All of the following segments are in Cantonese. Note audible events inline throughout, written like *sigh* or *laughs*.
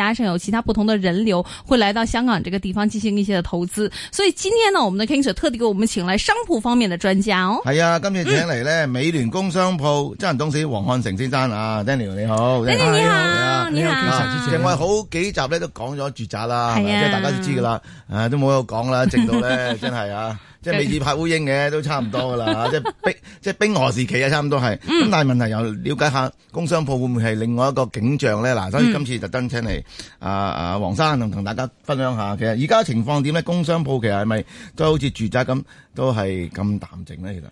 加上有其他不同的人流會來到香港這個地方進行一些的投資，所以今天呢，我們的 King Sir 特地給我們請來商鋪方面的專家哦。係啊，今日請嚟咧美聯工商鋪執行董事黃漢成先生啊，Daniel 你好 Daniel 你好，你好，另外好幾集咧都講咗住宅啦，係嘛，即係大家都知噶啦，誒，都冇有講啦，直到咧真係啊。即係未至拍烏蠅嘅，都差唔多噶啦， *laughs* 即係冰即係冰河時期啊，差唔多係。咁、嗯、但係問題又了解下工商鋪會唔會係另外一個景象咧？嗱、嗯，所以今次特登請嚟啊啊黃生同同大家分享下，其實而家情況點咧？工商鋪其實係咪都好似住宅咁，都係咁淡靜咧？其實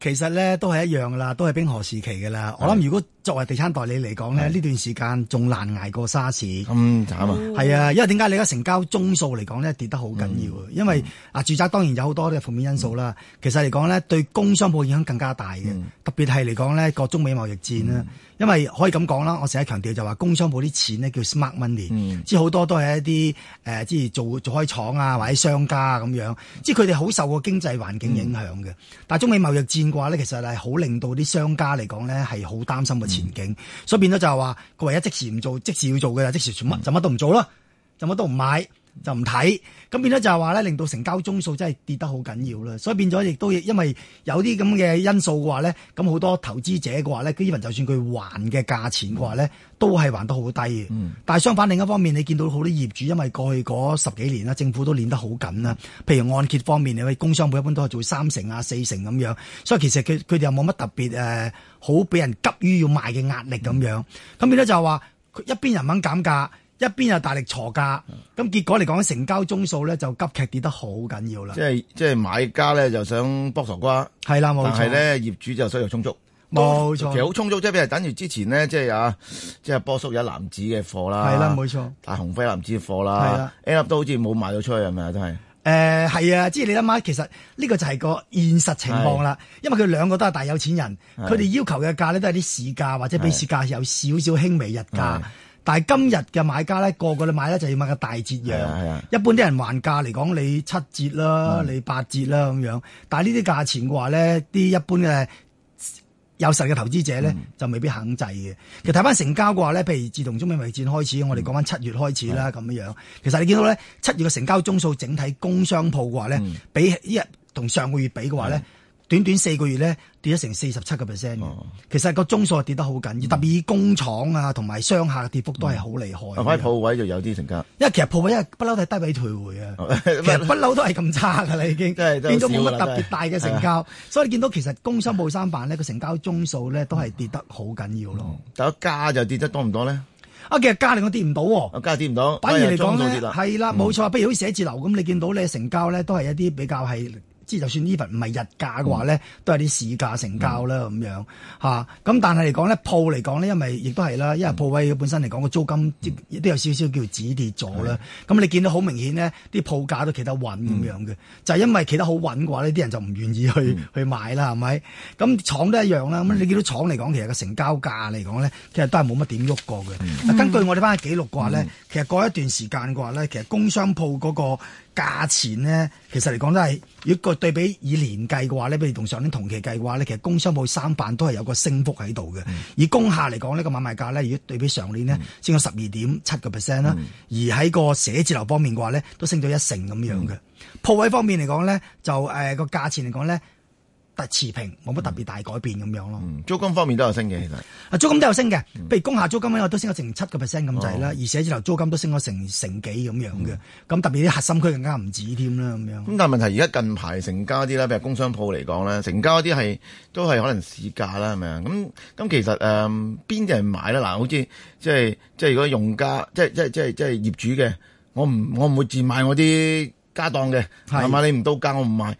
其實咧都係一樣噶啦，都係冰河時期噶啦。的我諗如果。作為地產代理嚟講咧，呢是段時間仲難捱過沙士過，咁慘啊！係啊，因為點解你而家成交宗數嚟講咧跌得好緊要啊？嗯、因為啊，嗯、住宅當然有好多嘅負面因素啦。嗯、其實嚟講咧，對工商舖影響更加大嘅，嗯、特別係嚟講咧個中美貿易戰啦。嗯、因為可以咁講啦，我成日強調就話工商舖啲錢咧叫 smart money、嗯、即係好多都係一啲誒，即、呃、係做做開廠啊，或者是商家咁、啊、樣，即係佢哋好受個經濟環境影響嘅。嗯、但係中美貿易戰嘅話咧，其實係好令到啲商家嚟講咧係好擔心嘅。前景，所以變咗就係話，佢唯一即時唔做，即時要做嘅，即時做乜就乜都唔做咯，就乜都唔買。就唔睇，咁變咗就係話咧，令到成交宗數真係跌得好緊要啦，所以變咗亦都因為有啲咁嘅因素嘅話咧，咁好多投資者嘅話咧，佢依份就算佢還嘅價錢嘅話咧，都係還得好低。嗯、但相反另一方面，你見到好多業主因為過去嗰十幾年啦，政府都練得好緊啦，譬如按揭方面，你工商舖一般都係做三成啊、四成咁樣，所以其實佢佢哋又冇乜特別誒，好、呃、俾人急於要賣嘅壓力咁樣。咁變咗就係話，佢一邊人唔肯減價。一邊又大力鋤價，咁結果嚟講，成交宗數咧就急劇跌得好緊要啦。即係即係買家咧就想搏傻瓜，係啦，冇錯。但係咧業主就需求充足，冇錯錯，其實好充足。即係譬如等於之前咧，即係啊，即係波叔有男子嘅貨啦，係啦，冇錯。但係鴻輝男子嘅貨啦，A 啦粒都好似冇賣到出去，係咪啊？真係誒，係啊，即係你諗下，其實呢個就係個現實情況啦。的因為佢兩個都係大有錢人，佢哋的要求嘅價咧都係啲市價或者比市價有少少輕微日價。但係今日嘅買家咧，個個你買咧就要買個大折嘅，一般啲人還價嚟講，你七折啦，你八折啦咁樣。但係呢啲價錢嘅話咧，啲一般嘅有實力嘅投資者咧就未必肯制嘅。的其實睇翻成交嘅話咧，譬如自同中美貿戰開始，我哋講翻七月開始啦咁的樣，其實你見到咧七月嘅成交宗數，整體工商鋪嘅話咧，的比起一日同上個月比嘅話咧。短短四個月咧，跌咗成四十七個 percent。其實個宗數係跌得好緊要，特別以工廠啊同埋商下跌幅都係好厲害。買鋪位就有啲成交，因為其實鋪位因為不嬲都係低位退回啊。其實不嬲都係咁差噶啦，已經變咗冇乜特別大嘅成交，所以你見到其實工商、舖三瓣呢個成交宗數咧都係跌得好緊要咯。但一加就跌得多唔多咧？啊，其實加你我跌唔到，加跌唔到。反而嚟講咧，係啦，冇錯。譬如好似寫字樓咁，你見到咧成交咧都係一啲比較係。就算呢份唔係日價嘅話呢，嗯、都係啲市價成交啦，咁、嗯、樣咁但係嚟講呢，鋪嚟講呢，因為亦都係啦，因為鋪位本身嚟講個租金亦都有少少叫止跌咗啦。咁、嗯、你見到好明顯呢啲鋪價都企得穩咁樣嘅，嗯、就係因為企得好穩嘅話呢啲人就唔願意去、嗯、去買啦，係咪？咁廠都一樣啦。咁、嗯、你見到廠嚟講，其實個成交價嚟講呢，其實都係冇乜點喐過嘅。嗯、根據我哋翻去記錄嘅話呢，嗯、其實過一段時間嘅話呢，其實工商鋪嗰、那個。價錢呢，其實嚟講都係如果對比以年計嘅話咧，比如同上年同期計嘅話咧，其實工商舖三板都係有個升幅喺度嘅。嗯、以工廈嚟講呢個買賣價咧，如果對比上年呢，嗯、升咗十二點七個 percent 啦。嗯、而喺個寫字樓方面嘅話咧，都升咗一成咁樣嘅。嗯、鋪位方面嚟講咧，就誒個、呃、價錢嚟講咧。特持平，冇乜特別大改變咁樣咯。租金方面都有升嘅，其實啊，租金都有升嘅。譬、嗯、如工廈租金咧，我都升咗成七個 percent 咁滯啦。哦、而且之後租金都升咗成成幾咁樣嘅。咁、嗯、特別啲核心區更加唔止添啦咁樣。咁但係問題而家近排成交啲啦，譬如工商鋪嚟講啦，成交啲係都係可能市價、呃、啦，係咪啊？咁咁其實誒邊人買啦？嗱，好似即係即係如果用家，即係即係即係即係業主嘅，我唔我唔會賤賣我啲家當嘅，係嘛的？你唔到價我唔賣，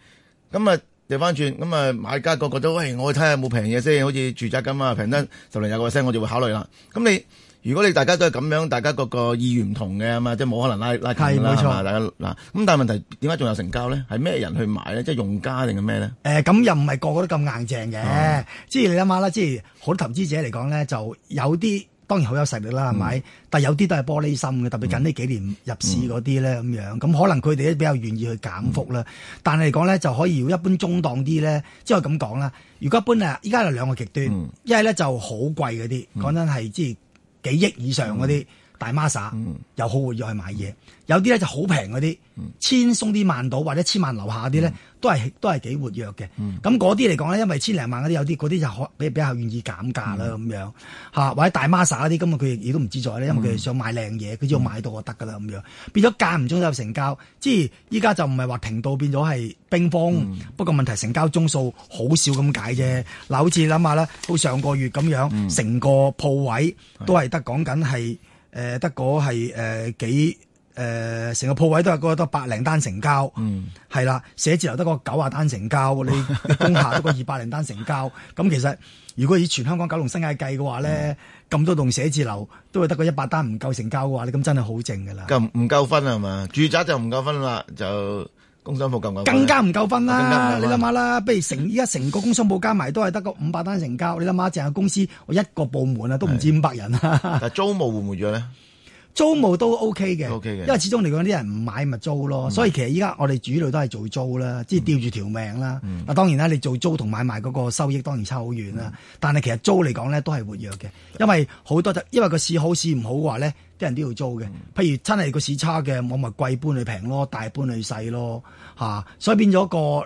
咁啊。掉翻轉咁啊，買家個個都，唉、哎，我睇下有冇平嘢先，好似住宅咁啊，平得十零廿個 percent，我就會考慮啦。咁你如果你大家都係咁樣，大家個個意願唔同嘅啊嘛，即係冇可能拉拉近啦。係，冇錯。大家嗱，咁但係問題點解仲有成交咧？係咩人去買咧？即係用家定係咩咧？誒、欸，咁又唔係個個都咁硬淨嘅、嗯，即係你諗下啦，即係好多投資者嚟講咧，就有啲。當然好有實力啦，係咪、嗯？但有啲都係玻璃心嘅，嗯、特別近呢幾年入市嗰啲咧，咁、嗯、樣咁可能佢哋都比較願意去減幅啦。嗯、但係嚟講咧，就可以要一般中檔啲咧，即係咁講啦。如果一般啊，依家係兩個極端，嗯、一係咧就好貴嗰啲，講真係即係幾億以上嗰啲。嗯大媽又好活躍去買嘢，嗯、有啲咧就好平嗰啲千鬆啲萬到或者千萬樓下啲咧、嗯，都係都係幾活躍嘅。咁嗰啲嚟講咧，因為千零萬嗰啲有啲嗰啲就可比比較願意減價啦咁、嗯、樣嚇，或者大媽嗰啲，咁啊佢亦都唔自在咧，因為佢想買靚嘢，佢只要買到就得噶啦咁樣，變咗間唔中就成交，即係依家就唔係話停到變咗係冰封，嗯、不過問題成交宗數少好少咁解啫。嗱，好似諗下啦，好上個月咁樣，成個鋪位都係得講緊係。嗯誒得個係誒幾成、呃、個鋪位都係得百零單成交，係啦、嗯，寫字樓得個九啊單成交，你工哇廈得個二百零單成交，咁 *laughs* 其實如果以全香港九龍新界計嘅話咧，咁、嗯、多棟寫字樓都會得個一百單唔夠成交嘅話，你咁真係好靜㗎啦，咁唔夠分係嘛？住宅就唔夠分啦，就。工商部夠唔夠分？更加唔夠分啦！分你諗下啦，不如成依家成個工商部加埋都係得個五百單成交，你諗下淨係公司，我一個部門啊都唔止五百人啊！的 *laughs* 但係租務會唔會約咧？租務都 OK 嘅，因為始終嚟講啲人唔買咪租咯，嗯、所以其實依家我哋主力都係做租啦，即係、嗯、吊住條命啦。嗱、嗯、當然啦，你做租同買賣嗰個收益當然差好遠啦，嗯、但係其實租嚟講咧都係活躍嘅，因為好多，因為個市好市唔好嘅話咧，啲人都要租嘅。嗯、譬如真係個市差嘅，我咪貴搬去平咯，大搬去細咯、嗯啊，所以變咗個，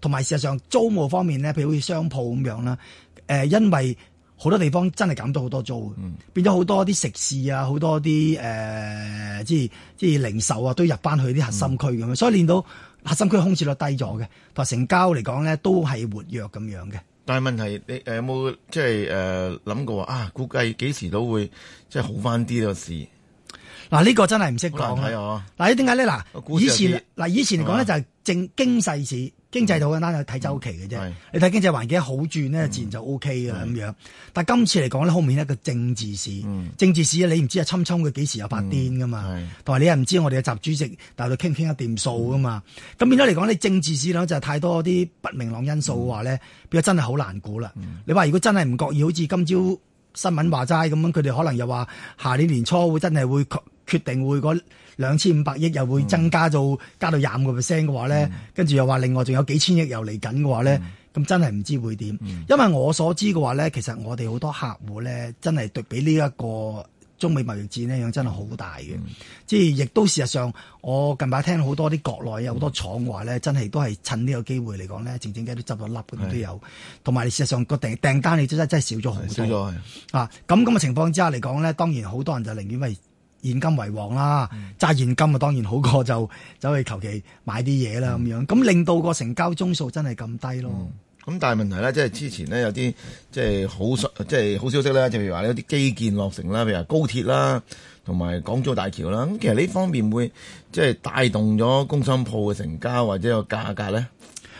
同埋事實上租務方面咧，譬如好似商鋪咁樣啦、呃，因為。好多地方真係減咗好多租，嗯、變咗好多啲食肆啊，好多啲誒、呃，即係即係零售啊，都入翻去啲核心區咁樣，嗯、所以令到核心區空置率低咗嘅。同埋成交嚟講咧，都係活躍咁樣嘅。但係問題，你誒有冇即係誒諗過啊？估計幾時都會即係好翻啲個事。嗱呢、啊呢個真係唔識講啊！嗱、啊、你點解咧？嗱以前嗱、啊、以前嚟講咧，就係、是、正經濟市。嗯經濟就簡單去睇周期嘅啫，是你睇經濟環境好轉咧，自然就 O K 嘅咁樣。是但今次嚟講咧，好明顯係一個政治市。嗯、政治市你唔知啊，侵侵佢幾時又發癲噶嘛。同埋、嗯、你又唔知我哋嘅習主席大談一談一談，但係佢傾唔傾得掂數噶嘛。咁變咗嚟講你政治市咧就係太多啲不明朗因素嘅話咧，變咗、嗯、真係好難估啦。你話如果真係唔覺意，好似今朝新聞話齋咁樣，佢哋可能又話下年年初會真係會決定會兩千五百億又會增加到、嗯、加到廿五個 percent 嘅話咧，跟住、嗯、又話另外仲有幾千億又嚟緊嘅話咧，咁、嗯、真係唔知會點。嗯、因為我所知嘅話咧，其實我哋好多客戶咧，真係對比呢一個中美貿易戰呢樣真係好大嘅。嗯、即係亦都事實上，我近排聽好多啲國內有好多廠話咧，真係都係趁呢個機會嚟講咧，靜靜都執咗笠咁都有。同埋事實上個訂訂單你真係真係少咗好多。啊！咁咁嘅情況之下嚟講咧，當然好多人就寧願為。現金為王啦，揸現金啊當然好過就走去求其買啲嘢啦咁樣，咁令到個成交宗數真係咁低咯。咁、嗯、但係問題咧，即係之前呢，有啲即係好即係好消息咧，就譬如話呢啲基建落成啦，譬如話高鐵啦，同埋港珠澳大橋啦。咁其實呢方面會即係帶動咗工商鋪嘅成交或者個價格咧。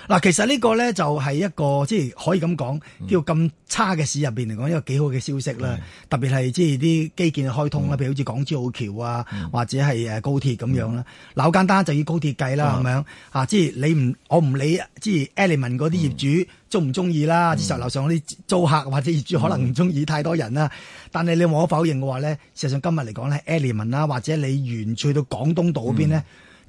嗱，其實呢個咧就係一個即係可以咁講，叫咁差嘅市入邊嚟講，一個幾好嘅消息啦。嗯、特別係即係啲基建開通啦，譬、嗯、如好似港珠澳橋啊，嗯、或者係高鐵咁、嗯、樣啦。好簡單就以高鐵計啦，咁、嗯、樣啊，即係你唔我唔理，即係 Elements 嗰啲業主中唔中意啦？即係樓、嗯、上嗰啲租客或者業主可能唔中意太多人啦。嗯、但係你冇可否認嘅話咧，事實上今日嚟講咧 Elements 啦，或者你沿住到廣東道邊邊咧。嗯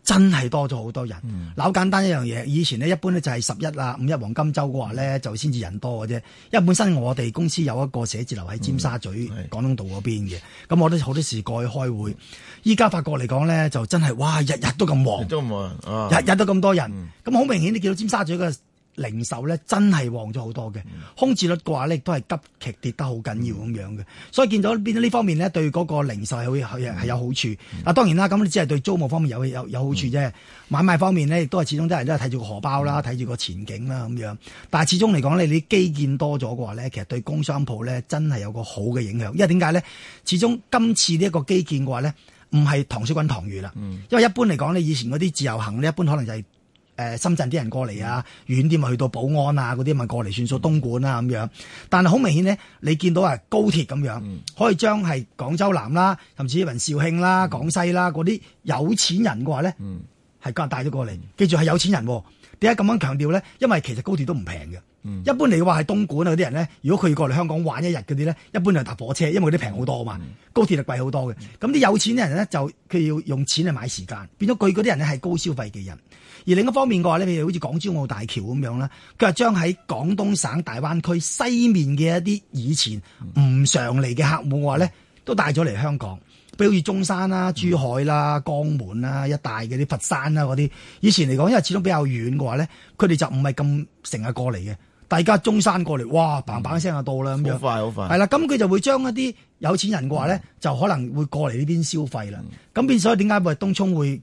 真係多咗好多人，嗱，好、嗯、簡單一樣嘢。以前呢，一般呢就係十一啦，五一黃金周嗰話咧，就先至人多嘅啫。因為本身我哋公司有一個寫字樓喺尖沙咀、嗯、廣東道嗰邊嘅，咁我都好多時過去開會。依家發覺嚟講咧，就真係哇，日日都咁旺，日日都咁、啊、多人。咁好、嗯、明顯，你見到尖沙咀嘅。零售咧真係旺咗好多嘅，空置率嘅話咧都係急劇跌得好緊要咁樣嘅，嗯、所以見到呢方面呢對嗰個零售好係有、嗯、有好處。嗱、嗯、當然啦，咁你只係對租務方面有有有好處啫，嗯、買賣方面呢亦都係始終都係都係睇住個荷包啦，睇住個前景啦咁樣。但係始終嚟講你啲基建多咗嘅話咧，其實對工商鋪咧真係有個好嘅影響，因為點解咧？始終今次呢一個基建嘅話咧，唔係唐小君唐語啦，嗯、因為一般嚟講你以前嗰啲自由行呢，一般可能就係、是。誒深圳啲人過嚟啊，嗯、遠啲咪去到寶安啊，嗰啲咪過嚟算數。嗯、東莞啊咁樣，但係好明顯呢，你見到係高鐵咁樣、嗯、可以將係廣州南啦，甚至雲肇慶啦、廣、嗯、西啦嗰啲有錢人嘅話呢，係個人帶咗過嚟。記住係有錢人喎、啊，點解咁樣強調呢？因為其實高鐵都唔平嘅，嗯、一般嚟嘅話係東莞嗰啲人呢，如果佢要過嚟香港玩一日嗰啲呢，一般就搭火車，因為啲平好多啊嘛。嗯、高鐵就貴好多嘅。咁啲有錢啲人呢，就佢要用錢嚟買時間，變咗佢嗰啲人呢，係高消費嘅人。而另一方面嘅話咧，譬如好似港珠澳大橋咁樣啦，佢係將喺廣東省大灣區西面嘅一啲以前唔常嚟嘅客戶嘅話咧，都帶咗嚟香港，比如中山啦、珠海啦、江門啦一帶嘅啲佛山啦嗰啲，以前嚟講，因為始終比較遠嘅話咧，佢哋就唔係咁成日過嚟嘅。大家中山過嚟，哇，棒棒聲就到啦咁樣。好快，好快。係啦，咁佢就會將一啲有錢人嘅話咧，就可能會過嚟呢邊消費啦。咁變所以點解話東涌會？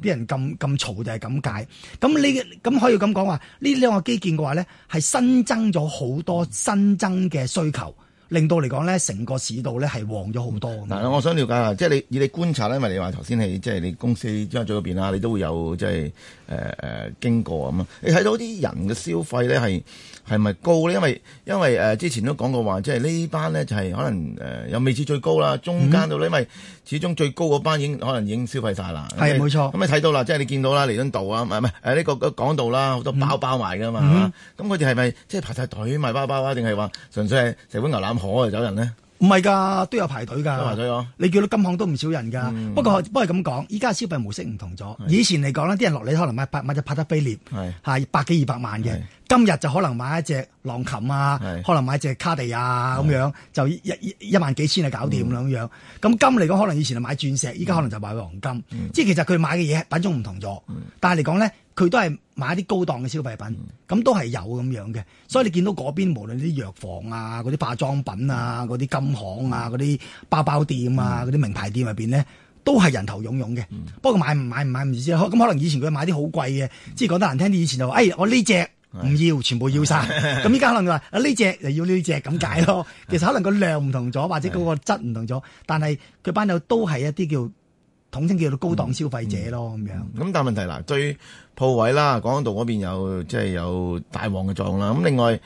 啲人咁咁嘈就係咁解，咁咁可以咁講話，呢兩個基建嘅話咧，係新增咗好多新增嘅需求，令到嚟講咧，成個市道咧係旺咗好多。嗱、嗯，我想了解下，即係你以你觀察咧，因為你話頭先你即係你公司將軍澳嗰邊啊，你都會有即係。就是誒誒、呃呃，經過咁啊，你睇到啲人嘅消費咧，係係咪高咧？因為因為誒、呃，之前都講過話，即係呢班咧就係、是、可能誒，又、呃、未至最高啦，中間度咧，嗯、因為始終最高嗰班已經可能已經消費晒啦。係，冇錯。咁你睇到啦，即係你見到啦，彌敦道啊，唔係唔係，誒、呃、呢、這個、這個廣東道啦，好多包包埋噶嘛，咁佢哋係咪即係排晒隊買包包啊？定係話純粹係食碗牛腩河就走人咧？唔係噶，都有排隊噶。你見到金行都唔少人噶。不過，不過咁講，依家消費模式唔同咗。以前嚟講呢啲人落嚟可能買拍買隻帕德菲列，係百幾二百萬嘅。今日就可能買一隻浪琴啊，可能買一隻卡地亞咁樣，就一一萬幾千啊搞掂。咁樣樣。咁金嚟講，可能以前就買鑽石，依家可能就買黃金。即係其實佢買嘅嘢品種唔同咗，但係嚟講咧。佢都係買啲高檔嘅消費品，咁、嗯、都係有咁樣嘅。所以你見到嗰邊無論啲藥房啊、嗰啲化妝品啊、嗰啲金行啊、嗰啲、嗯、包包店啊、嗰啲、嗯、名牌店入面呢，都係人頭涌涌嘅。嗯、不過買唔買唔買唔知咁，、嗯、可能以前佢買啲好貴嘅，即係講得難聽啲，以前就誒、哎、我呢隻唔要，的全部要晒。」咁依家可能佢話啊呢隻就要呢隻咁解咯。其實可能個量唔同咗，或者嗰個質唔同咗，的但係佢班友都係一啲叫。統稱叫做高檔消費者咯，咁、嗯嗯、樣。咁但係問題嗱，對鋪位啦，港島道嗰邊有即係、就是、有大旺嘅作用啦。咁另外，誒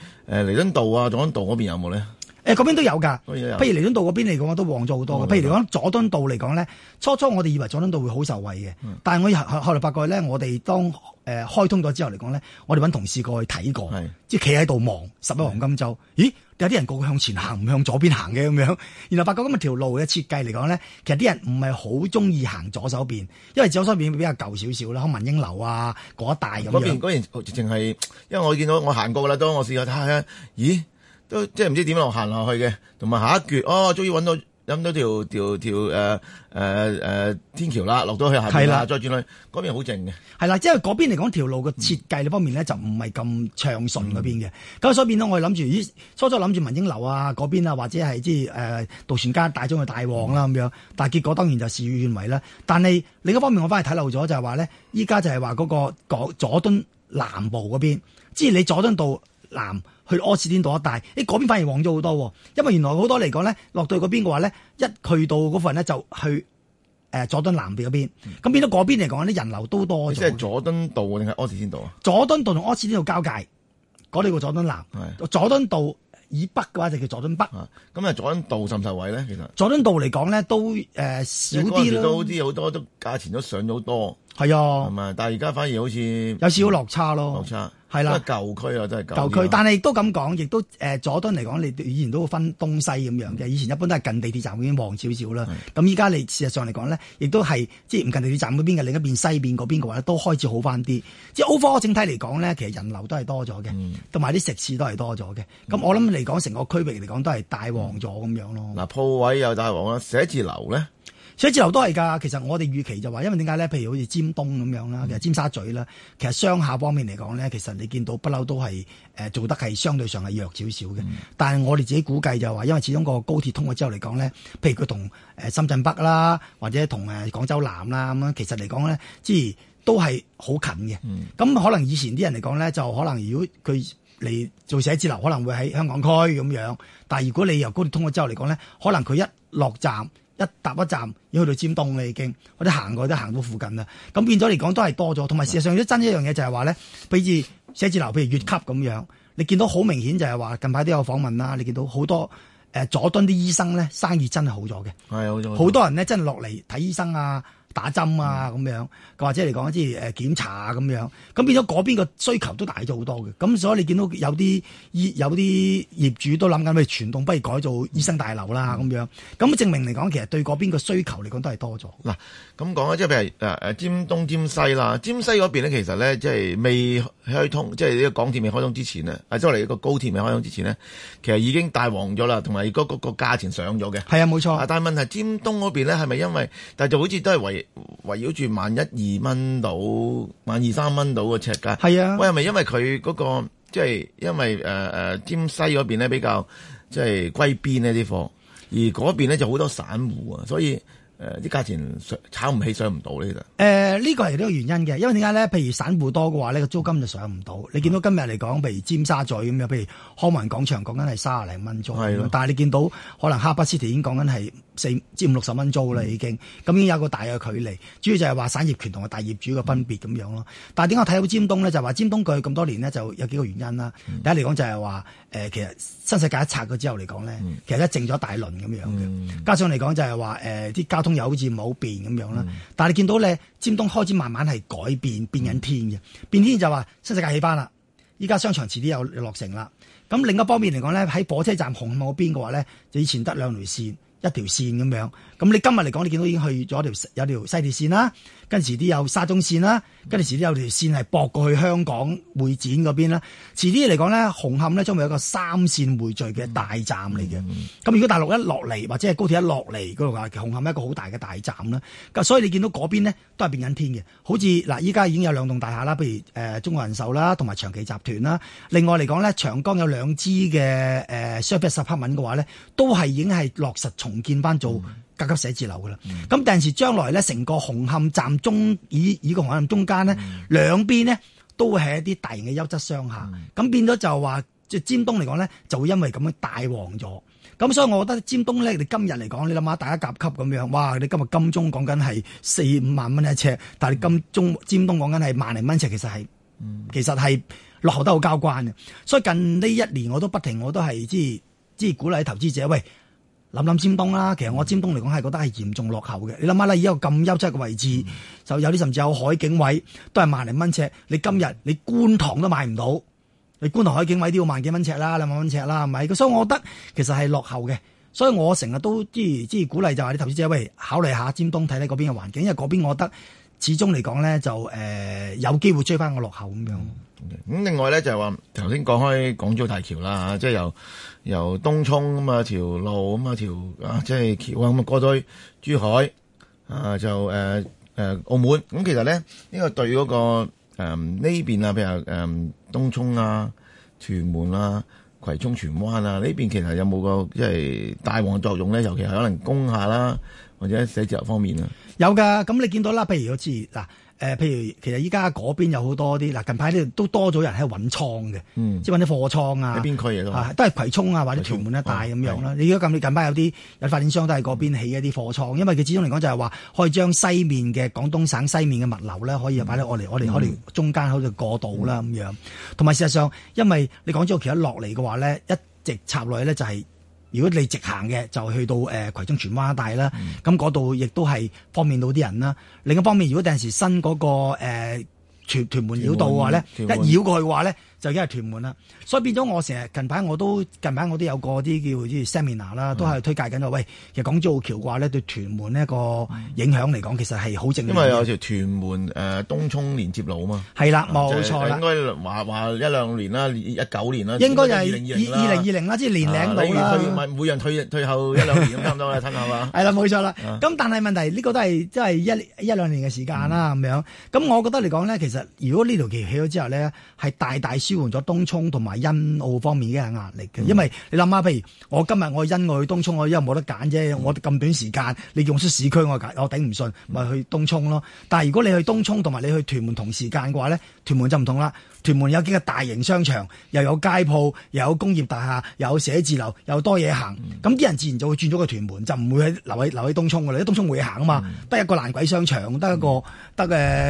彌敦道啊，佐敦道嗰邊有冇咧？誒嗰、欸、邊都有㗎，有譬如彌、哦、敦道嗰邊嚟講，我都旺咗好多。譬如嚟講佐敦道嚟講咧，初初我哋以為佐敦道會好受惠嘅，嗯、但係我後後來發覺咧，我哋當誒、呃、開通咗之後嚟講咧，我哋揾同事過去睇過，是即係企喺度望十一黃金周。的咦？有啲人個個向前行，唔向左邊行嘅咁樣，然後發覺今日條路嘅設計嚟講咧，其實啲人唔係好中意行左手邊，因為左手邊比較舊少少啦，可能文英樓啊嗰一帶咁樣。嗰邊嗰邊淨係，因為我見到我行過啦，當我試過睇下，咦，都即係唔知點樣行落去嘅，同埋下一橛哦，終於搵到。飲咗條條條誒誒誒天橋啦，落到去下邊啊，是的 再轉去嗰邊好靜嘅。係啦，即係嗰邊嚟講，條路嘅設計呢方面呢，嗯、就唔係咁暢順嗰邊嘅。咁、嗯、所以變咗，我哋諗住，初初諗住文英樓啊，嗰邊啊，或者係即係誒渡船街大中嘅大旺啦咁樣。嗯、但係結果當然就事與願違啦。但係另一方面我，我翻去睇漏咗就係話呢，依家就係話嗰個港佐敦南部嗰邊，即係你佐敦道南。去柯士甸道一帶，啲嗰邊反而旺咗好多，因為原來好多嚟講咧，落到去嗰邊嘅話咧，一去到嗰份咧就去誒、呃、佐敦南嗰邊，咁變咗嗰邊嚟講咧，人流都多咗。即係佐敦道定係柯士甸道啊？佐敦道同柯士甸道交界嗰度叫佐敦南，啊、佐敦道以北嘅話就叫佐敦北。咁啊，佐敦道滲唔滲位咧？其實佐敦道嚟講咧都誒少啲啦。嗰陣時都啲好多都價錢都上咗好多。係啊，係咪？但係而家反而好似有少少落差咯。落差。係啦，舊區啊，都係舊區。但係亦都咁講，亦都誒，佐敦嚟講，你以前都會分東西咁樣嘅。嗯、以前一般都係近地鐵站嗰邊旺少少啦。咁依家你事實上嚟講咧，亦都係即係唔近地鐵站嗰邊嘅，另一邊西邊嗰邊嘅話咧，都開始好翻啲。即係 overall 整體嚟講咧，其實人流都係多咗嘅，同埋啲食肆都係多咗嘅。咁我諗嚟講，成個區域嚟講都係大旺咗咁樣咯。嗱，鋪位又大旺啦，寫字樓咧？寫字樓都係㗎，其實我哋預期就話，因為點解咧？譬如好似尖東咁樣啦，其實、嗯、尖沙咀啦，其實商下方面嚟講咧，其實你見到不嬲都係、呃、做得係相對上係弱少少嘅。嗯、但係我哋自己估計就話，因為始終個高鐵通過之後嚟講咧，譬如佢同誒深圳北啦，或者同誒、呃、廣州南啦咁樣，其實嚟講咧，即係都係好近嘅。咁、嗯、可能以前啲人嚟講咧，就可能如果佢嚟做寫字樓，可能會喺香港區咁樣。但係如果你由高鐵通過之後嚟講咧，可能佢一落站。一搭一站要去到尖東啦，已經，或者行過都行到附近啦。咁變咗嚟講都係多咗，同埋事實上都真一樣嘢就係話咧，比如寫字樓譬如越級咁樣，你見到好明顯就係話近排都有訪問啦，你見到好多誒、呃、佐敦啲醫生咧生意真係好咗嘅，係好咗，好多人咧真係落嚟睇醫生啊。打針啊咁樣，或者嚟講即係誒檢查啊咁樣，咁變咗嗰邊個需求都大咗好多嘅。咁所以你見到有啲有啲業主都諗緊，咪傳棟不如改做醫生大樓啦咁樣。咁證明嚟講，其實對嗰邊個需求嚟講都係多咗。嗱，咁講即係譬如誒誒，尖東尖、尖西啦，尖西嗰邊呢，其實呢，即係未開通，即係呢個港鐵未開通之前呢。啊，即係嚟一個高鐵未開通之前呢，其實已經大旺咗啦，同埋嗰個價、嗰個、價錢上咗嘅。係啊，冇錯，但係問題尖東嗰邊咧，係咪因為但係就好似都係圍。圍繞住萬一二蚊到萬二三蚊到嘅尺價，係啊，喂，係咪因為佢嗰、那個即係、就是、因為誒誒、呃呃，尖西嗰邊咧比較即係歸邊呢啲貨，而嗰邊咧就好多散戶啊，所以。誒啲價錢炒唔起，上唔到呢度。誒、這、呢個係呢個原因嘅，因為點解咧？譬如散戶多嘅話呢個租金就上唔到。你見到今日嚟講，譬如尖沙咀咁樣，譬如康文廣場講緊係三十零蚊租，是的 但係你見到可能哈巴斯已經講緊係四、五六十蚊租啦，已經咁已經有個大嘅距離。主要就係話散業權同個大業主嘅分別咁樣咯。但係點解我睇到尖東呢？就話、是、尖東過去咁多年呢，就有幾個原因啦。第一嚟講就係話誒，其實新世界一拆咗之後嚟講呢，其實靜咗一大輪咁樣嘅。嗯、加上嚟講就係話誒啲交東又好似冇變咁樣啦，嗯、但係你見到咧，尖東開始慢慢係改變，變緊天嘅、嗯、變天就話新世界起翻啦，依家商場遲啲又落成啦。咁另一方面嚟講咧，喺火車站紅磡嗰邊嘅話咧，就以前得兩條線一條線咁樣，咁你今日嚟講，你見到已經去咗條有條西鐵線啦。跟住啲有沙中線啦，跟住啲有條線係駁過去香港會展嗰邊啦。遲啲嚟講咧，紅磡咧將會有一個三線匯聚嘅大站嚟嘅。咁、嗯嗯、如果大陸一落嚟或者係高鐵一落嚟嗰度，話，紅磡係一個好大嘅大站啦。咁所以你見到嗰邊呢，都係變緊天嘅，好似嗱依家已經有兩棟大廈啦，譬如中國人壽啦同埋長期集團啦。另外嚟講咧，長江有兩支嘅誒 service apartment 嘅話咧，都係已經係落實重建翻做。甲級寫字樓㗎喇，咁第陣時將來呢，成個紅磡站中以以個紅磡中間呢，嗯、兩邊呢，都係一啲大型嘅優質商廈，咁、嗯、變咗就話即係尖東嚟講呢，就會因為咁樣大旺咗，咁所以我覺得尖東呢你今日嚟講，你諗下，大家甲級咁樣，哇！你今日金鐘講緊係四五萬蚊一尺，但係你金鐘尖東講緊係萬零蚊一尺，其實係、嗯、其實係落後得好交關嘅，所以近呢一年我都不停我都係即係即係鼓勵投資者喂。諗諗尖東啦，其實我尖東嚟講係覺得係嚴重落後嘅。你諗下啦，以一個咁優質嘅位置，嗯、就有啲甚至有海景位都係萬零蚊尺。嗯、你今日你觀塘都買唔到，你觀塘海景位都要萬幾蚊尺啦，兩萬蚊尺啦，係咪？所以我覺得其實係落後嘅。所以我成日都之之鼓勵就係啲投資者喂，考慮下尖東，睇睇嗰邊嘅環境，因為嗰邊我覺得始終嚟講咧就誒、呃、有機會追翻我落後咁樣。嗯咁另外咧就係話頭先講開港珠大橋啦，即係由由東涌咁啊條路咁啊條啊，即係橋啊咁啊過咗珠海啊就誒誒、啊啊、澳門咁其實咧呢、這個對嗰、那個誒呢邊啊，譬、呃、如誒、呃、東涌啊、屯門啊、葵涌、荃灣啊呢邊其實有冇個即係帶旺作用咧？尤其係可能工廈啦，或者寫字樓方面啊。有㗎，咁你見到啦，譬如好似嗱。誒、呃，譬如其實依家嗰邊有好多啲嗱，近排度都多咗人喺揾倉嘅，即係揾啲貨倉啊。喺邊區嘢都係都係葵涌啊，或者屯門一帶咁冲樣啦。嗯、你如果近你近排有啲有發展商都係嗰邊起一啲貨倉，嗯、因為佢始終嚟講就係話可以將西面嘅廣東省西面嘅物流咧，可以擺喺我哋，我哋可能中間喺度過渡啦咁樣。同埋、嗯、事實上，因為你講咗其實落嚟嘅話咧，一直插落去咧就係、是。如果你直行嘅，就去到誒、呃、葵涌荃灣一帶啦，咁嗰度亦都係方便到啲人啦。另一方面，如果第陣時新嗰、個。呃屯屯門繞道嘅話呢，門一繞過去嘅話呢，就已經係屯門啦。所以變咗我成日近排我都近排我都有過啲叫啲 seminar 啦，都係推介緊話，喂，其實港珠澳橋嘅話呢，對屯門呢一個影響嚟講，其實係好正。因為有條屯門誒、呃、東涌連接路啊嘛。係啦，冇錯應該話話一兩年啦，一九年啦。應該係二二零二零啦，即係年零到，每、啊、每人退每人退，退後一兩年，咁。 *laughs* 差唔多啦，吞下啦。係啦，冇錯啦。咁、啊、但係問題呢、呢個都係即係一一兩年嘅時間啦，咁、嗯、樣。咁我覺得嚟講呢，其實如果呢條期起咗之後呢，係大大舒緩咗東涌同埋欣澳方面嘅壓力嘅，因為你諗下，譬如我今日我去欣澳我去東涌，我因為冇得揀啫，我咁短時間你用出市區，我我頂唔順，咪去東涌咯。但係如果你去東涌同埋你去屯門同時間嘅話呢，屯門就唔同啦。屯門有幾個大型商場，又有街鋪，又有工業大廈，又有寫字樓，又多嘢行。咁啲、嗯、人自然就會轉咗個屯門，就唔會留喺留喺東涌噶啦。喺東涌冇嘢行啊嘛，得、嗯、一個爛鬼商場，得、嗯、一個得誒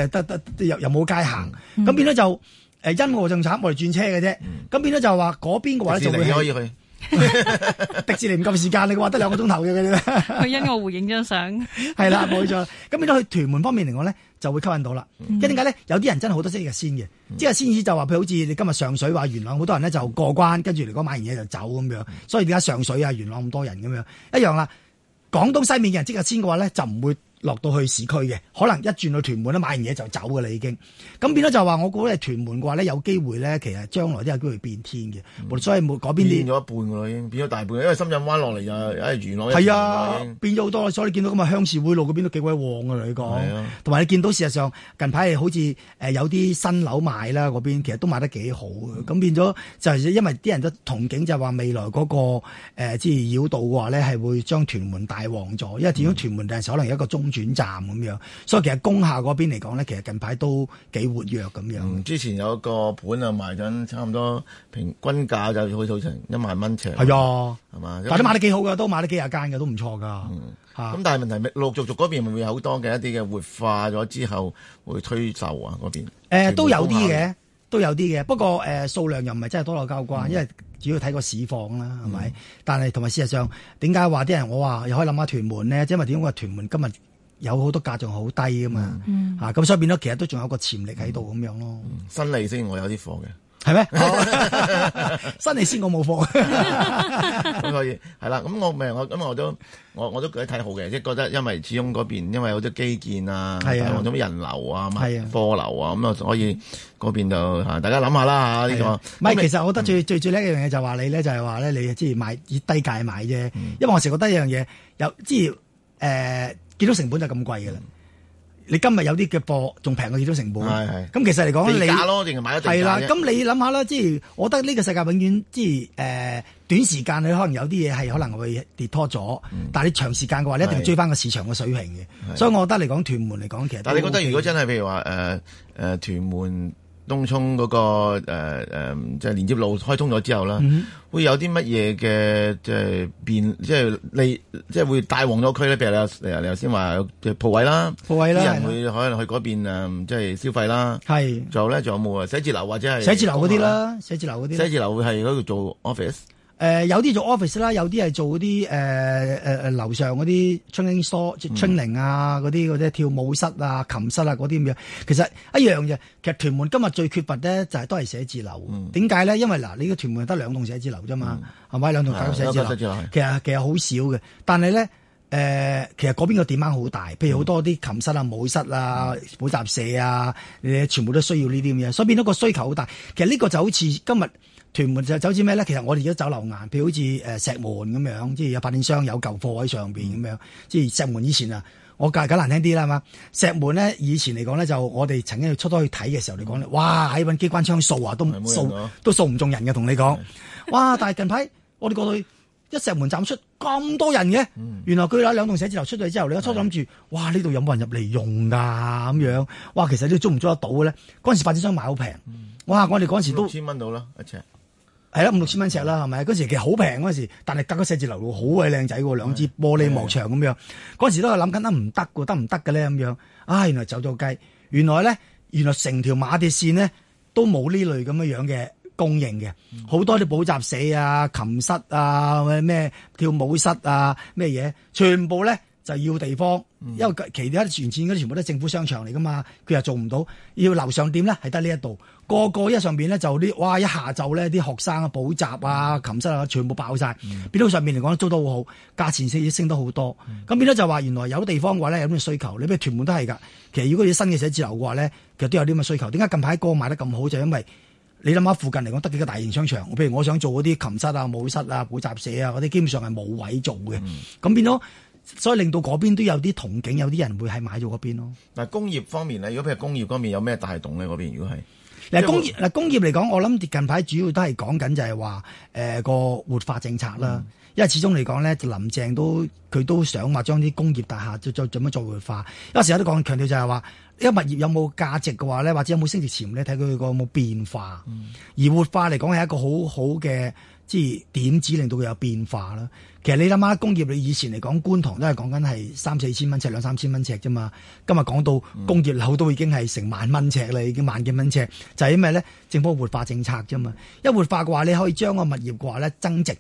得得又又冇街行。咁、嗯、變咗就誒、呃、因禍得福，我哋轉車嘅啫。咁、嗯、變咗就邊話嗰邊嘅話咧就會。歷 *laughs* *laughs* 迪士尼唔夠時間，你話得兩個鐘頭嘅佢因我回影張相係啦冇錯，咁變咗去屯門方面嚟講呢，就會吸引到啦。即係點解呢？有啲人真係好多即日先嘅，即日先至就話譬如好似你今日上水話元朗，好多人呢就過關，跟住嚟講買完嘢就走咁樣，所以點解上水啊元朗咁多人咁樣一樣啦。廣東西面嘅人即日先嘅話呢，就唔會。落到去市區嘅，可能一轉到屯門咧買完嘢就走㗎啦已經，咁變咗就話我估得屯門嘅話咧有機會咧，其實將來都有機會變天嘅，嗯、所以冇改變啲。變咗一半㗎啦，已經變咗大半，因為深圳灣落嚟又係原來。係啊，變咗好多，所以你見到咁日鄉事會路嗰邊都幾鬼旺㗎你講，同埋、啊、你見到事實上近排係好似誒有啲新樓賣啦嗰邊，其實都賣得幾好嘅，咁、嗯、變咗就係因為啲人都憧憬就話未來嗰個誒即係繞道嘅話咧，係會將屯門大旺咗，因為點解、那個呃、屯門誒可能有一個中轉站咁樣，所以其實工廈嗰邊嚟講呢，其實近排都幾活躍咁樣、嗯。之前有一個盤啊賣緊，差唔多平均價就去到成一萬蚊尺。係啊，係嘛？但係都買得幾好嘅，都賣得幾廿間嘅，都唔錯㗎。咁、嗯啊、但係問題陸陸續續嗰邊會唔會好多嘅一啲嘅活化咗之後會推售啊？嗰邊？都有啲嘅，都有啲嘅。不過誒、呃，數量又唔係真係多到交關，嗯、因為主要睇個市況啦，係咪？嗯、但係同埋事實上，點解話啲人我話又可以諗下屯門呢？即係因為點解屯門今日？有好多價仲好低㗎嘛，咁所以變咗其實都仲有個潛力喺度咁樣咯。新利先我有啲貨嘅，係咩？新利先我冇貨。可以係啦，咁我咪我因為我都我我都幾睇好嘅，即係覺得因為始終嗰邊因為好多基建啊，或者人流啊、貨流啊咁啊，可以嗰邊就大家諗下啦呢個。唔係其實我覺得最最最叻一樣嘢就係話你咧，就係話咧你之係買以低價買啫。因為我成日覺得一樣嘢有之前。見到成本就咁貴嘅啦！嗯、你今日有啲嘅貨仲平過見到成本，咁是其實嚟講，價你價咯，定係買咗地價？係啦，咁你諗下啦，即係我覺得呢個世界永遠即係、呃、短時間，你可能有啲嘢係可能會跌拖咗，嗯、但係你長時間嘅話，是你一定追翻個市場嘅水平嘅。的所以我覺得嚟講，屯門嚟講其實但係你覺得如果真係譬如話誒誒屯門？東涌嗰、那個誒誒、呃呃，即係連接路開通咗之後、嗯、哼啦，會有啲乜嘢嘅即係變即係你即係會帶旺咗區咧。譬如你阿你阿你頭先話鋪位啦，啲人會可能去嗰邊的、嗯、即係消費啦。係的，最後咧仲有冇啊？有有寫字樓或者係寫字樓嗰啲啦，寫字樓嗰啲。寫字樓會係嗰度做 office。誒、呃，有啲做 office 啦，有啲係做嗰啲誒誒誒樓上嗰啲、嗯、training store 即 training 啊，嗰啲嗰啲跳舞室啊、琴室啊嗰啲咁樣，其實一樣嘅。其實屯門今日最缺乏呢就係、是、都係寫字樓。點解、嗯、呢？因為嗱，你個屯門得兩棟寫字樓啫嘛，係咪、嗯？兩棟教寫字樓，其實其實好少嘅。但係呢，誒，其實嗰、呃、邊個點樣好大？譬、嗯、如好多啲琴室啊、舞室啊、補習、嗯、社啊，你全部都需要呢啲咁樣，所以變咗個需求好大。其實呢個就好似今日。屯門就走住咩咧？其實我哋而家走漏眼，譬如好似誒石門咁樣，即係有發展商有舊貨喺上邊咁樣。即係、嗯、石門以前啊，我講嚟梗難聽啲啦嘛，石門咧以前嚟講咧，就我哋曾經出多去睇嘅時候嚟講咧，哇喺揾機關槍掃啊，都掃、啊、都掃唔中人嘅。同你講，嗯、哇！但係近排我哋過去一石門站出咁多人嘅，嗯、原來佢有兩棟寫字樓出到嚟之後，你一初諗住，的哇！呢度有冇人入嚟用㗎咁、啊、樣？哇！其實你捉唔捉得到嘅咧？嗰陣時發展商賣好平，嗯、哇！我哋嗰陣時都、嗯、千蚊到啦一尺。係啦，五六千蚊尺啦，係咪？嗰時其實好平嗰時，但係得個寫字樓好鬼靚仔喎，兩支玻璃幕牆咁樣。嗰時都係諗緊得唔得喎，得唔得嘅咧咁樣？啊，原來走咗雞！原來咧，原來成條馬鐵線呢都冇呢類咁樣嘅供應嘅，好、嗯、多啲補習社啊、琴室啊、咩跳舞室啊、咩嘢，全部咧。就要地方，因為其他全線嗰啲全部都係政府商場嚟噶嘛，佢又做唔到。要樓上點呢？係得呢一度，個個一上面一呢，就啲哇一下就呢啲學生啊、補習啊、琴室啊全部爆晒。嗯、變到上面嚟講租得好好，價錢先升得好多。咁、嗯、變咗就話原來有地方嘅話呢，有咩需求，你譬如屯門都係㗎。其實如果你新嘅寫字樓嘅話呢，其實都有啲乜需求。點解近排個賣得咁好？就因為你諗下附近嚟講得幾個大型商場，譬如我想做嗰啲琴室啊、舞室啊、補習社啊嗰啲，基本上係冇位做嘅。咁、嗯、變咗。所以令到嗰邊都有啲憧憬，有啲人會係買咗嗰邊咯。嗱，工業方面咧，如果譬如工業方面有咩帶動咧，嗰邊如果係嗱工業嗱是工業嚟講，我諗近排主要都係講緊就係話誒個活化政策啦。嗯、因為始終嚟講咧，林鄭都佢都想話將啲工業大廈再再做乜再活化。有時有啲講強調就係話，呢個物業有冇價值嘅話咧，或者有冇升值潛咧，睇佢個有冇變化。嗯、而活化嚟講係一個好好嘅。即係點止令到佢有變化啦？其實你諗下，工業你以前嚟講觀塘都係講緊係三四千蚊尺、兩三千蚊尺啫嘛。今日講到工業樓都已經係成萬蚊尺啦，已經萬幾蚊尺，就係因為咧政府活化政策啫嘛。一活化嘅話，你可以將個物業嘅話咧增值。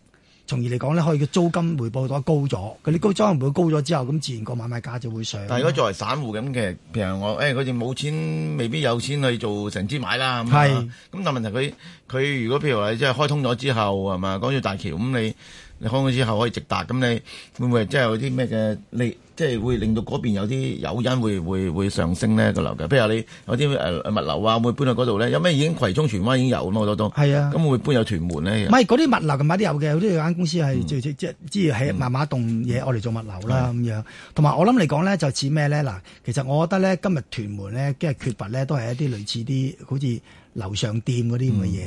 從而嚟講呢，可以嘅租金回報率高咗。佢啲高租金回報高咗之後，咁自然個買賣價就會上。但如果作為散戶咁嘅，譬如我誒佢啲冇錢，未必有錢去做成支買啦。係。咁是但問題佢，佢如果譬如話即係開通咗之後係嘛，港珠澳大橋，咁你，你開通之後可以直達，咁你會唔會即係有啲咩嘅即係會令到嗰邊有啲誘因會會會上升呢個樓嘅。譬如話你有啲誒物流啊，會搬到嗰度呢？有咩已經葵涌荃灣已經有咁好多都係啊，咁會搬有屯門呢？唔係嗰啲物流近排啲有嘅，有啲間公司係即即即係喺買買棟嘢我哋做物流啦咁、嗯、樣。同埋我諗嚟講呢，就似咩呢？嗱，其實我覺得呢，今日屯門呢，即係缺乏呢，都係一啲類似啲好似樓上店嗰啲咁嘅嘢。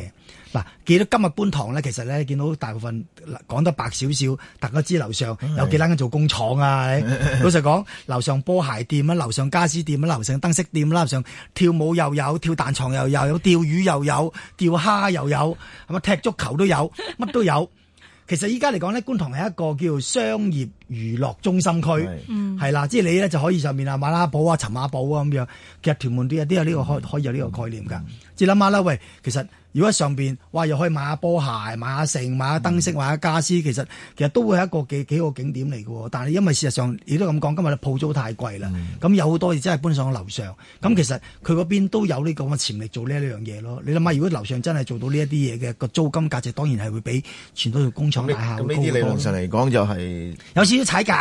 嗱、嗯，記得今日搬堂呢，其實呢，見到大部分講得白少少，大家知樓上有幾單嘅做工廠啊。是啊 *laughs* 老實講，樓上波鞋店啊，樓上家私店啊，樓上燈飾店啦，樓上跳舞又有，跳彈床又有，釣魚又有，釣蝦又有，係咪踢足球都有，乜都有。其實依家嚟講呢，觀塘係一個叫商業娛樂中心區，係啦是，即係你咧就可以上面啊，馬拉堡啊，陳馬堡啊咁樣，其實屯門都有都有呢個，可可以有呢個概念噶。即係諗下啦，喂，其實。如果喺上邊，哇，又可以買下波鞋、買下成、買下燈飾、買下傢俬，其實其實都會係一個幾幾個景點嚟㗎喎。但係因為事實上，亦都咁講，今日嘅鋪租太貴啦。咁有好多嘢真係搬上樓上。咁其實佢嗰邊都有呢個潛力做呢一樣嘢咯。你諗下，如果樓上真係做到呢一啲嘢嘅個租金價值，當然係會畀全體工廠大廈咁高嘅。呢啲理論上嚟講就係有少少踩界，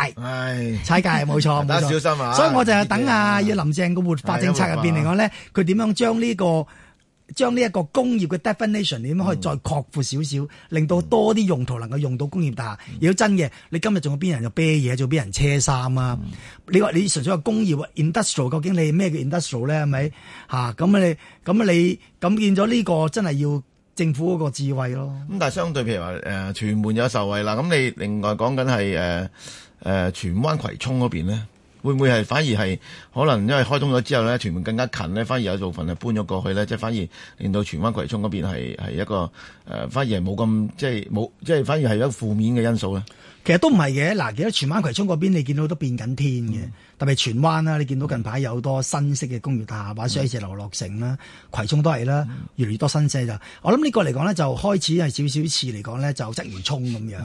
踩界係冇錯，冇錯。所以我就係等阿林鄭嘅活化政策入邊嚟講咧，佢點樣將呢個？將呢一個工業嘅 definition 點樣可以再擴闊少少，嗯、令到多啲用途能夠用到工業大廈。如果、嗯、真嘅，你今日仲有邊人就啤嘢做邊人車衫啊？嗯、你話你純粹話工業 industrial 究竟你咩叫 industrial 咧？係咪？咁你咁你咁變咗呢個真係要政府嗰個智慧咯。咁但係相對譬如話誒屯門有受惠啦，咁你另外講緊係誒誒荃灣葵涌嗰邊咧。會唔會係反而係可能因為開通咗之後呢，屯門更加近呢，反而有一部分係搬咗過去呢。即係反而令到荃灣葵涌嗰邊係一個誒、呃，反而係冇咁即係冇即係反而係一個負面嘅因素咧。其實都唔係嘅，嗱，記得荃灣葵涌嗰邊你見到都變緊天嘅，嗯、特別荃灣啦，你見到近排有多新式嘅工業大廈，或者寫字樓落成啦，葵涌都係啦，越嚟越多新式就，我諗呢個嚟講呢，就開始係少少似嚟講呢，就質疑湧咁樣，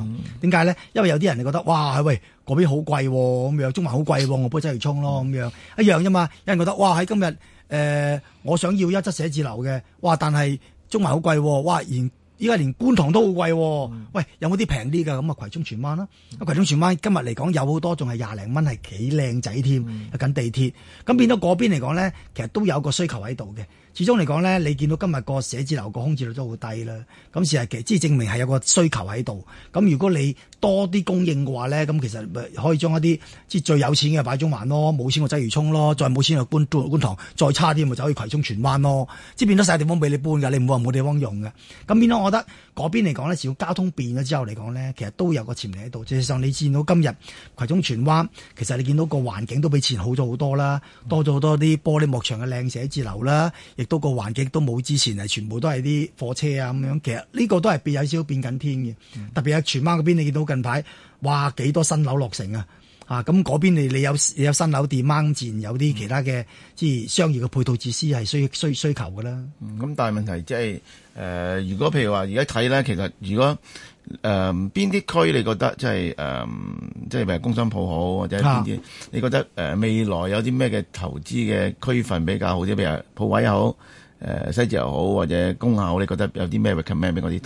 點解、嗯、呢？因為有啲人你覺得哇，喂，嗰邊好貴喎、啊，咁樣中環好貴喎、啊，我不如質疑湧咯咁樣，一樣啫嘛，有人覺得哇喺今日誒、呃，我想要一則寫字樓嘅，哇，但係中環好貴喎、啊，哇而家連觀塘都好貴喎，嗯、喂有冇啲平啲噶？咁啊，葵涌荃灣啦，咁、嗯、葵涌荃灣今日嚟講有好多仲係廿零蚊，係幾靚仔添，近、嗯、地鐵。咁變到嗰邊嚟講咧，其實都有個需求喺度嘅。始終嚟講咧，你見到今日個寫字樓個空置率都好低啦。咁事實其即係證明係有個需求喺度。咁如果你多啲供應嘅話咧，咁其實可以將一啲即係最有錢嘅擺中環咯，冇錢嘅鰂魚涌咯，再冇錢就搬搬，搬觀塘，再差啲咪走去葵涌荃灣咯，即係變咗晒地方俾你搬㗎，你唔會話冇地方用嘅。咁變咗，我覺得嗰邊嚟講咧，只要交通變咗之後嚟講咧，其實都有個潛力喺度。事實上你見到今日葵涌荃灣，其實你見到個環境都比前好咗好多啦，多咗好多啲玻璃幕牆嘅靚寫字樓啦，亦都個環境都冇之前係全部都係啲火車啊咁樣。其實呢個都係變有少少變緊添嘅，嗯、特別係荃灣嗰邊你見到近排哇，幾多新樓落成啊！啊，咁嗰邊你你有你有新樓地掹戰，有啲其他嘅、嗯、即係商業嘅配套設施係需要需需求㗎啦。嗯，咁但係問題即係誒，如果譬如話而家睇咧，其實如果誒邊啲區你覺得即係誒，即係譬如工商鋪好，或者邊啲？啊、你覺得誒、呃、未來有啲咩嘅投資嘅區份比較好啲？譬如鋪位又好，誒、呃、寫字樓又好，或者工廈好，你覺得有啲咩 recommend 俾我啲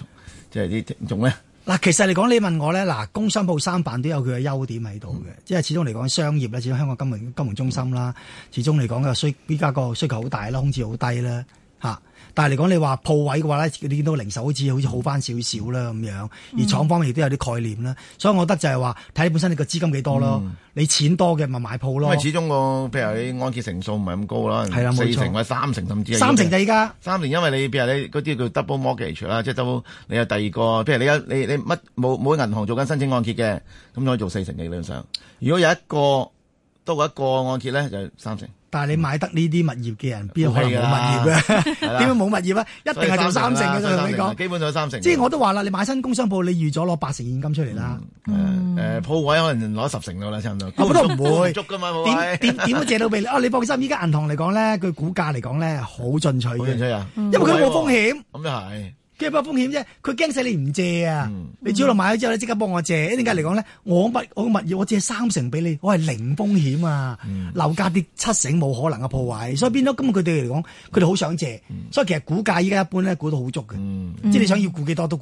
即係、就、啲、是、聽眾咧？嗱，其實嚟講，你問我咧，嗱，工商舖三辦都有佢嘅優點喺度嘅，即係、嗯、始終嚟講，商業咧，始終香港金融金融中心啦，始終嚟講嘅需依家個需求好大啦，空置好低啦，嚇、啊。但係嚟講，你話鋪位嘅話咧，你見到零售好似好似好翻少少啦咁樣，而廠方亦都有啲概念啦。嗯、所以我覺得就係話睇你本身你個資金幾多咯，嗯、你錢多嘅咪買鋪咯。因為始終個譬如你按揭成數唔係咁高啦，的四成或者錯三成甚至、就是、三成就而家三成，因為你譬如你嗰啲叫 double mortgage 啦，即係都你有第二個，譬如你，你，你，你，你，你有你你乜冇冇銀行做緊申請按揭嘅，咁可以做四成理論上，如果有一個多過一個按揭咧，就是、三成。但係你買得呢啲物業嘅人，邊有可能冇物業嘅？點樣冇物業啊？一定係投三成嘅。我同你講，基本都三成。即係我都話啦，你買新工商鋪，你預咗攞八成現金出嚟啦。誒、鋪、嗯嗯嗯、位可能攞十成到啦，差唔多。咁都唔會。點點點都借到俾你？ *laughs* 啊，你放心，依家銀行嚟講咧，佢估價嚟講咧，好進取。好進取啊！因為佢冇風險。咁又係。即係冇風險啫，佢驚死你唔借啊、嗯嗯！你朝頭買咗之後咧，即刻幫我借，點解嚟講咧？我物我物業，我借三成俾你，我係零風險啊！樓價跌七成冇可能嘅、啊、破壞，所以變咗日佢哋嚟講，佢哋好想借，嗯、所以其實估價依家一般咧，估到好足嘅，嗯、即係你想要估幾多都。